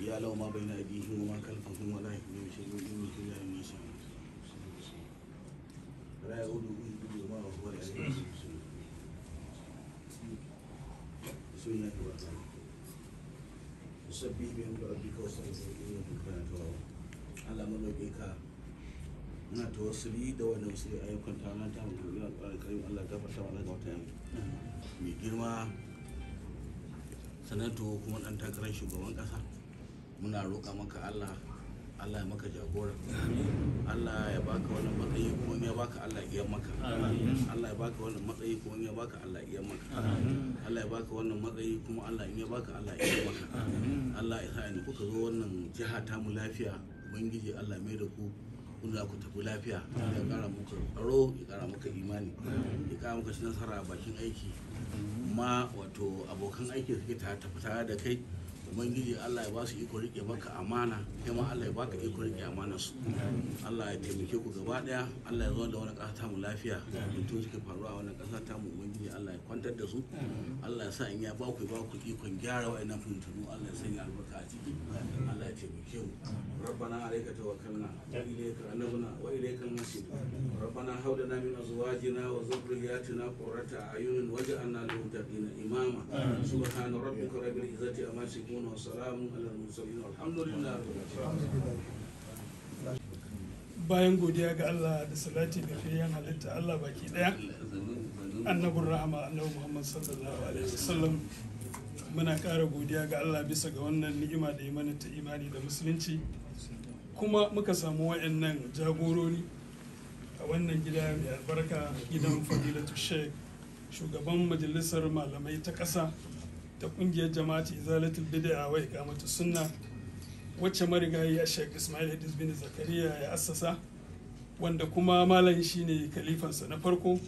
ya lau ma bai na abihin wa makal fahim wa lahi ne shi ne dole ke ya ne shi raya udu in dubu ma wa huwa ya ne shi sun ya kuwa ta sabbi bin da abika wasu ne ke yin kana tawa Allah ma roƙe ka na tawassuli da wannan wasu ayyukan ta nan ta mu ya alƙarin Allah gafarta mana ga wata yau mai girma sanatu kuma ɗan takarar shugaban ƙasa muna roƙa maka Allah Allah ya maka jagora Allah ya baka wannan matsayi kuma ya baka Allah ya maka Allah ya baka wannan matsayi kuma ya baka Allah ya maka Allah ya baka wannan matsayi kuma Allah in ya baka Allah ya maka Allah ya sani ni kuka zo wannan jiha ta mu lafiya ubangiji Allah mai da ku kuna ku tafi lafiya ya kara muku tsaro ya kara muku imani ya kara muku nasara bakin aiki ma wato abokan aiki suke tafi tare da kai ubangiji allah ya ba su iko rike maka amana kuma allah ya baka iko rike amana su allah ya taimake ku gaba daya allah ya zo da wani ƙasa mu lafiya mutum suka faruwa a wannan ƙasa mu ubangiji allah ya kwantar da su allah ya sa in ya ba ku ba ku ikon gyara wa'annan fitinu allah ya sanya albarka a ciki allah ya taimake mu ربنا عليك توكلنا واليك انبنا واليك المصير ربنا هب لنا من ازواجنا وذرياتنا قرة اعين واجعلنا للمتقين اماما سبحان ربك رب العزه عما يصفون وسلام على المرسلين والحمد لله bayan godiya ga Allah da salati da fiyan halitta Allah baki daya annabin rahama annabi Muhammad sallallahu alaihi wasallam muna ƙara godiya ga Allah bisa ga wannan ni'ima da imani ta imani da musulunci kuma muka samu wayannan jagorori a wannan gida mai albarka gidan fadilatu sheikh shugaban majalisar malamai ta ƙasa da kungiyar jama'ati izalatul bid'a wa iqamatu sunna wacce marigayi ya Sheikh Ismail Hadis bin Zakariya ya assasa wanda kuma malam shine kalifansa na farko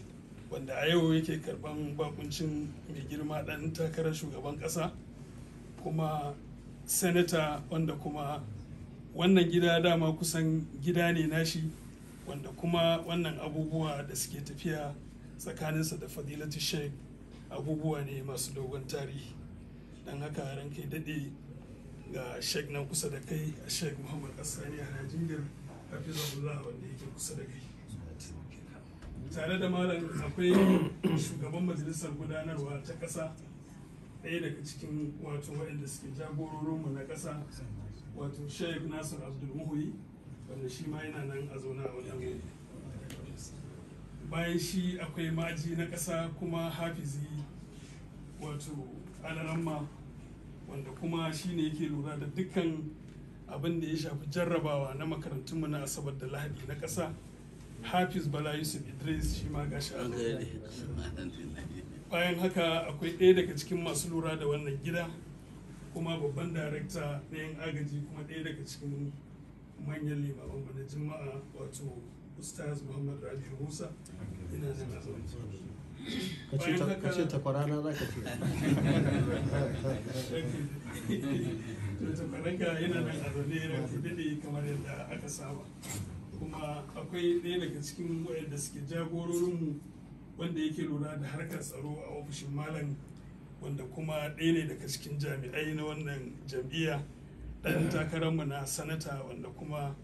wanda a yau yake karban bakuncin mai girma dan takarar shugaban kasa kuma senata wanda kuma wannan gida dama kusan gida ne nashi wanda kuma wannan abubuwa da suke tafiya tsakaninsa da fadilatu sheikh abubuwa ne masu dogon tarihi don haka ranke daɗe ga sheik nan kusa da kai a sheik muhammad asani a najeriya hafizullah wanda yake kusa da kai tare da malam akwai shugaban majalisar gudanarwa ta ƙasa ɗaya daga cikin wato waɗanda suke jagororinmu na ƙasa wato sheik nasir abdul wanda shi ma yana nan a zauna a wani bayan shi akwai maji na ƙasa kuma hafizi wato alaramma wanda kuma shi ne yake lura da dukkan abin da ya shafi jarrabawa na makarantunmu na asabar da lahadi na ƙasa hafiz bala yusuf idris shi ma gashi bayan haka akwai ɗaya daga cikin masu lura da wannan gida kuma babban darakta na yin agaji kuma ɗaya daga cikin manyan limaman na jima'a wato ustaz muhammad rabi musa ina nan a ka ce takwarana za ka ce to takwaranka yana nan a zaune yana daɗe kamar yadda aka saba kuma akwai ɗaya daga cikin wayanda suke jagororinmu wanda yake lura da harkar tsaro a ofishin malam wanda kuma ɗaya ne daga cikin jami'ai na wannan jam'iyya ɗan takararmu na sanata wanda kuma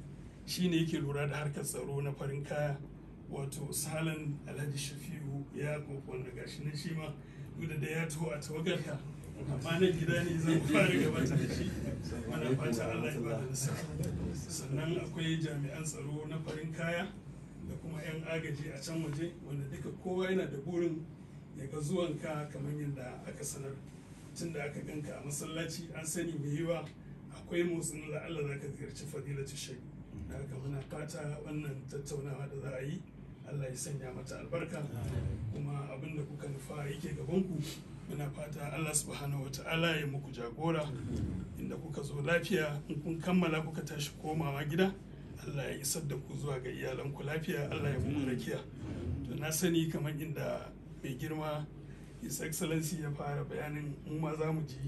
shine yake lura da harkar tsaro na farin kaya wato salan alhaji shafi'u ya kokon daga shi na shi ma duk da ya taho a tawagar ka. amma na gida ne zan fara gabata da shi mana fata allah ya ba da nasa sannan akwai jami'an tsaro na farin kaya da kuma 'yan agaji a can waje wanda duka kowa yana da burin ya ga ka kamar yadda aka sanar tun da aka ganka a masallaci an sani mai yiwa akwai motsin la'alla za ka ziyarci fadilatu shaidu da haka muna fata wannan tattaunawa da za a yi allah ya sanya mata albarka kuma abin da kuka nufa yake gabanku muna fata allah subhanahu wata'ala ya muku jagora inda kuka zo lafiya in kun kammala kuka tashi komawa gida allah ya isar da ku zuwa ga iyalanku lafiya allah ya muku rakiya to na sani kamar inda mai girma his excellency ya fara bayanin mu ma za mu ji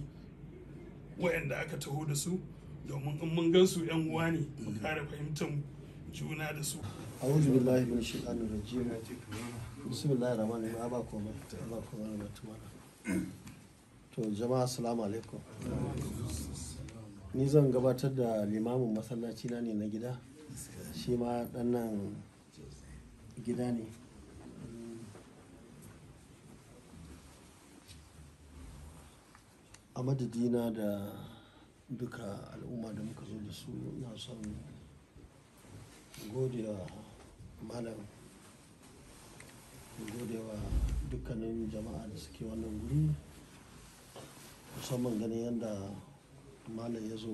wayanda aka taho da su domin in mun gan su yan uwa ne mu kare fahimtar juna da su a'udhu billahi min shaitanir rajim bismillahir rahmanir rahim aba koma ba kuma na tuwa to jama'a assalamu alaikum ni zan gabatar da limamin masallaci na ne na gida shi ma nan gida ne a madadina da duka al'umma da muka zo da su na son godewa malam godewa dukkanin jama'a da suke wannan guri musamman ganin yadda malam ya zo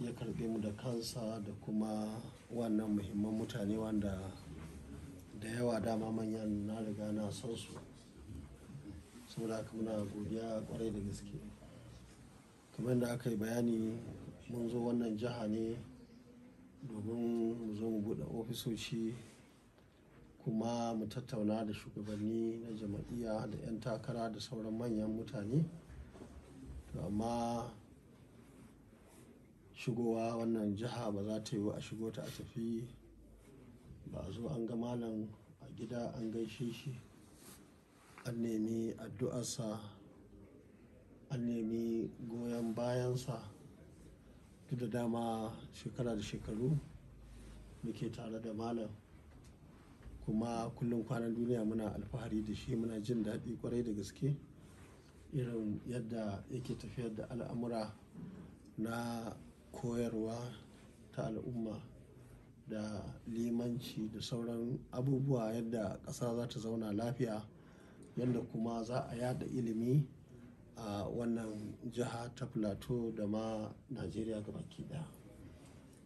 ya karbe mu da kansa da kuma wannan muhimman mutane wanda da yawa dama manyan na riga na san su saboda haka muna godiya kwarai da gaske kamar da aka yi bayani mun zo wannan jiha ne domin mu zo mu buɗe ofisoshi kuma mu tattauna da shugabanni na jama'iyya da 'yan takara da sauran manyan mutane amma shigowa wannan jiha ba za ta yi a shigo ta a tafi ba a zo an ga malam a gida an gaishe shi an nemi addu'arsa an nemi goyon bayansa duk da dama shekara da shekaru muke tare da malam kuma kullum kwanan duniya muna alfahari da shi muna jin daɗi kwarai da gaske irin yadda yake tafiyar da al'amura na koyarwa ta al'umma da limanci da sauran abubuwa yadda ƙasa za ta zauna lafiya yadda kuma za a yada ilimi a wannan jiha ta plateau da ma najeriya gabaki daya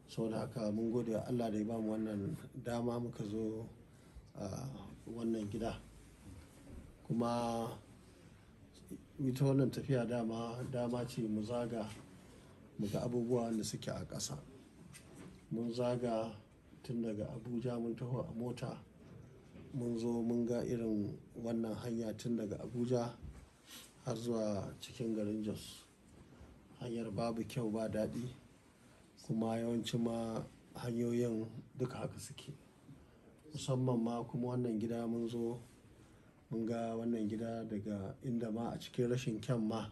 saboda haka mun gode allah da ya bamu wannan dama muka zo a wannan gida kuma ita wannan tafiya dama dama ce mu zaga mu ga abubuwa wanda suke a ƙasa mun zaga tun daga abuja mun taho a mota mun zo mun ga irin wannan hanya tun daga abuja har zuwa cikin garin jos hanyar babu kyau ba daɗi kuma yawanci ma hanyoyin duka haka suke musamman ma kuma wannan gida mun zo mun ga wannan gida daga inda ma a cikin rashin kyan ma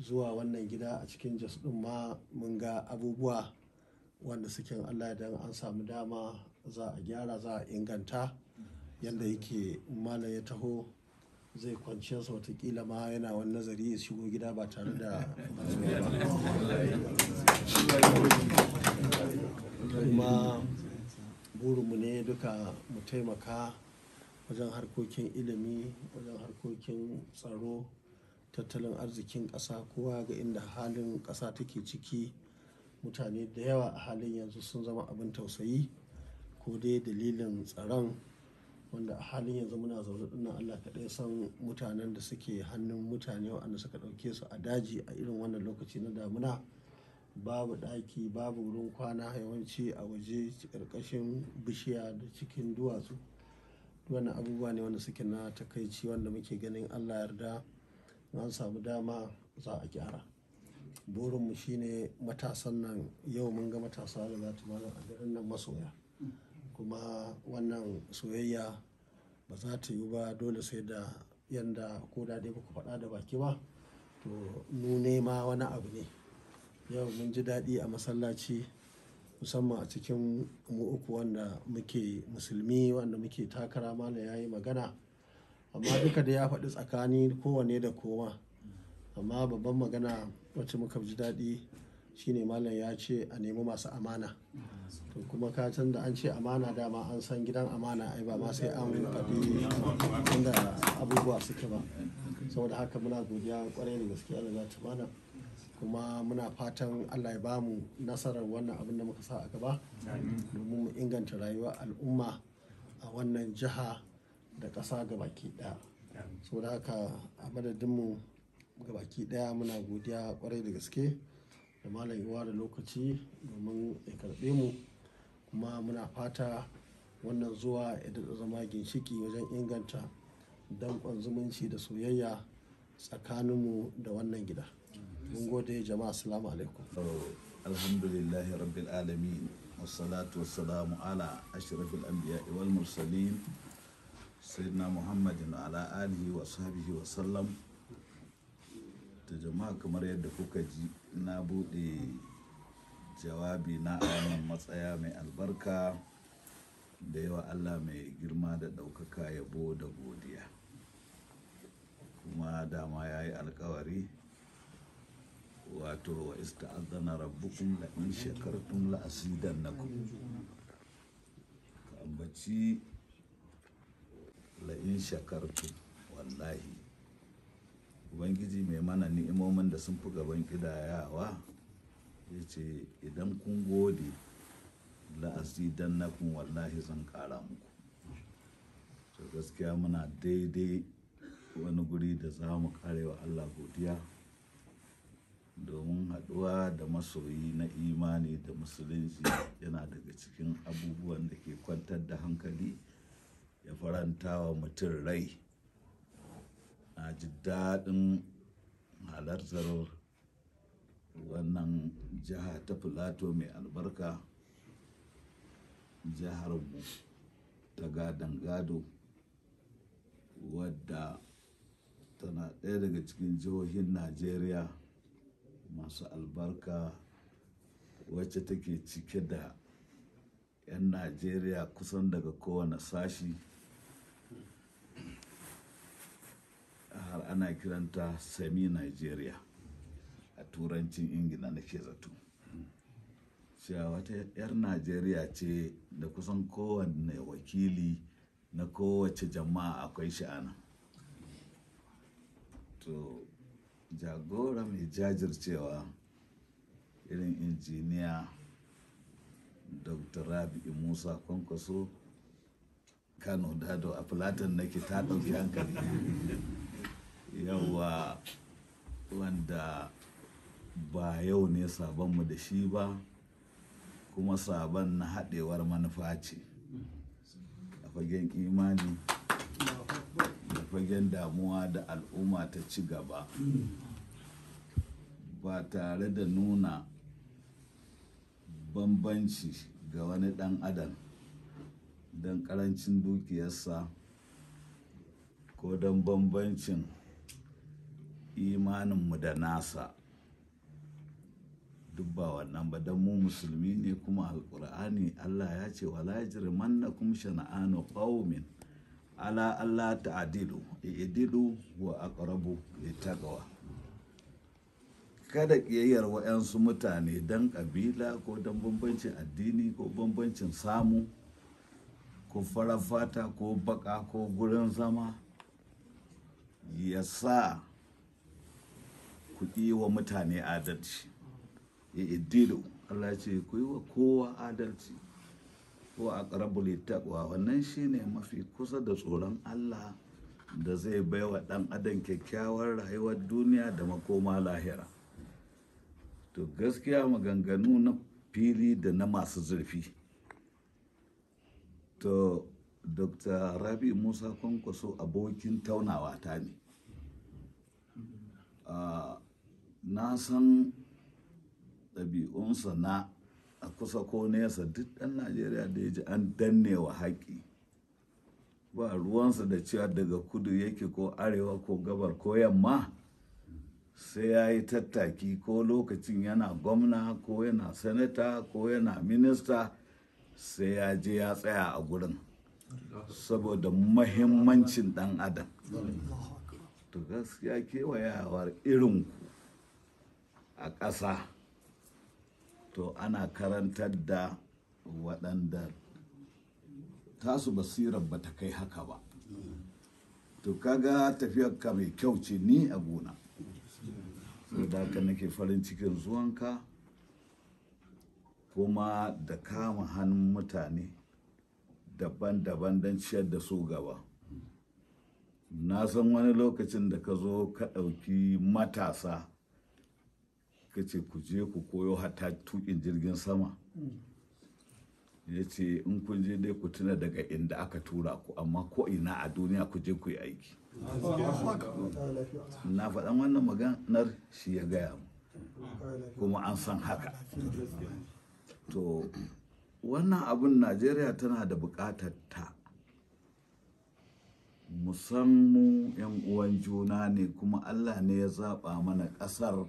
zuwa wannan gida a cikin jos ɗin ma mun ga abubuwa wanda suke allah idan an samu dama za a gyara za a inganta yadda yake malam ya taho zai kwanciyarsa sa watakila ma yana wani nazari ya shigo gida ba tare da kuma burinmu ne duka mu taimaka wajen harkokin ilimi wajen harkokin tsaro tattalin arzikin ƙasa kowa ga inda halin ƙasa take ciki mutane da yawa a halin yanzu sun zama abin tausayi ko dai dalilin tsaron wanda a halin yanzu muna zaune dinnan Allah kaɗai san mutanen da suke hannun mutane waɗanda suka ɗauke su a daji a irin wannan lokaci na damuna babu ɗaki babu wurin kwana yawanci a waje ƙarƙashin bishiya da cikin duwatsu wannan abubuwa ne wanda suke na takaici wanda muke ganin Allah yarda an samu dama za a gyara mu shine matasan nan yau mun ga matasa da za ta a garin nan masoya kuma wannan soyayya ba za ta yiwu ba dole sai da yanda ko da dai baku faɗa da baki ba to mu ma wani abu ne yau mun ji daɗi a masallaci musamman a cikin mu uku wanda muke musulmi wanda muke takara mana ya yi magana amma duka da ya faɗi tsakani kowane da kowa amma babban magana wacce muka ji daɗi shine malam ya ce a nemi masu amana to kuma ka can da an ce amana dama an san gidan amana ai ba ma sai an faɗi inda abubuwa suke ba saboda haka muna godiya kwarai da gaskiya da za ta mana kuma muna fatan allah ya ba mu nasarar wannan abin da muka sa a gaba domin mu inganta rayuwar al'umma a wannan jiha da ƙasa gabaki ɗaya saboda haka a madadinmu baki ɗaya muna godiya kwarai da gaske da malam iwa da lokaci domin ya karbe mu kuma muna fata wannan zuwa ya zama ginshiki wajen inganta danƙon zumunci da soyayya tsakaninmu da wannan gida mun gode jama'a assalamu alaikum alhamdulillah rabbil alamin wassalatu wassalamu ala ashrafil anbiya wal mursalin sayyidina muhammadin ala alihi wa sahbihi wa sallam to jama'a kamar yadda kuka ji na bude jawabi na a wannan matsaya mai albarka da yawa allah mai girma da ɗaukaka yabo da godiya kuma dama ya yi alkawari wato wa azana rabbukum la in shakartum la asidannakum ka ambaci la in shakartum wallahi ubangiji mai mana ni'imomin da sun fi gaban kidayawa ya ce idan kun gode la'azidan na kun wallahi zan kara muku to gaskiya muna daidai wani guri da za mu kare wa allah godiya domin haɗuwa da masoyi na imani da musulunci yana daga cikin abubuwan da ke kwantar da hankali ya faranta wa mutum rai a ji daɗin halartar wannan jiha ta filato mai albarka mu ta gadon gado wadda tana ɗaya daga cikin jihohin najeriya masu albarka wacce take cike da 'yan najeriya kusan daga kowane sashi har ana kiranta semi nigeria a turancin ingila na ke zato cewa wata 'yar najeriya ce da kusan kowane wakili na kowace jama'a akwai sha'ana to jagora mai jajircewa irin injiniya dr rabi musa kwankwaso kano dado a filatin nake ta ɗauki hankali yawa wanda ba yau ne sabonmu da shi ba kuma sabon na haɗewar manufa ce da fagen imani da fagen damuwa da al'umma ta ci gaba ba tare da nuna bambanci ga wani ɗan adam don ƙarancin dukiyarsa ko don bambancin imaninmu da nasa duk ba wannan ba don mu musulmi ne kuma alkur'ani allah ya ce wala kum shana'anu qaumin ala allah ta'dilu i'dilu wa aqrabu littaqwa kada ƙiyayyar wa'yansu mutane don ƙabila ko don bambancin addini ko bambancin samu ko fara fata ko baka ko gurin zama ya sa ku yi wa mutane adalci eh, eh, Idilu. Allah ce ku yi wa kowa adalci ko a ƙarabul taɓa wannan shine mafi kusa da tsoron Allah da zai baiwa ɗan adam kyakkyawar rayuwar duniya da makoma lahira to gaskiya maganganu na fili da na masu zurfi to dr rabi musa kwankwaso abokin taunawa ta ne na san ɗabi'unsa na a kusa ko nesa duk ɗan najeriya da ya ji an wa haƙƙi. ba ruwansa da cewa daga kudu yake ko arewa ko gabar ko yamma sai ya yi tattaki ko lokacin yana gwamna ko yana sanata ko yana minista sai ya je ya tsaya a gurin saboda mahimmancin ɗan adam to gaskiya kewayawar irinku a ƙasa to ana karantar da waɗanda tasu basirar ba ta kai haka ba to kaga tafiyar ka mai kyau ce ni a gona da haka nake farin cikin zuwanka kuma da kama hannun mutane daban-daban don ciyar da su gaba na san wani lokacin da ka zo ka ɗauki matasa kace ce ku je ku koyo hata tukin jirgin sama mm. yace in kun je dai ku tuna daga inda aka tura ku amma ko ina a duniya ku je ku yi aiki na faɗan wannan maganar shi ya gaya mu kuma an san haka to wannan abun najeriya tana da buƙatar ta musamman 'yan uwan juna ne kuma allah ne ya zaɓa mana ƙasar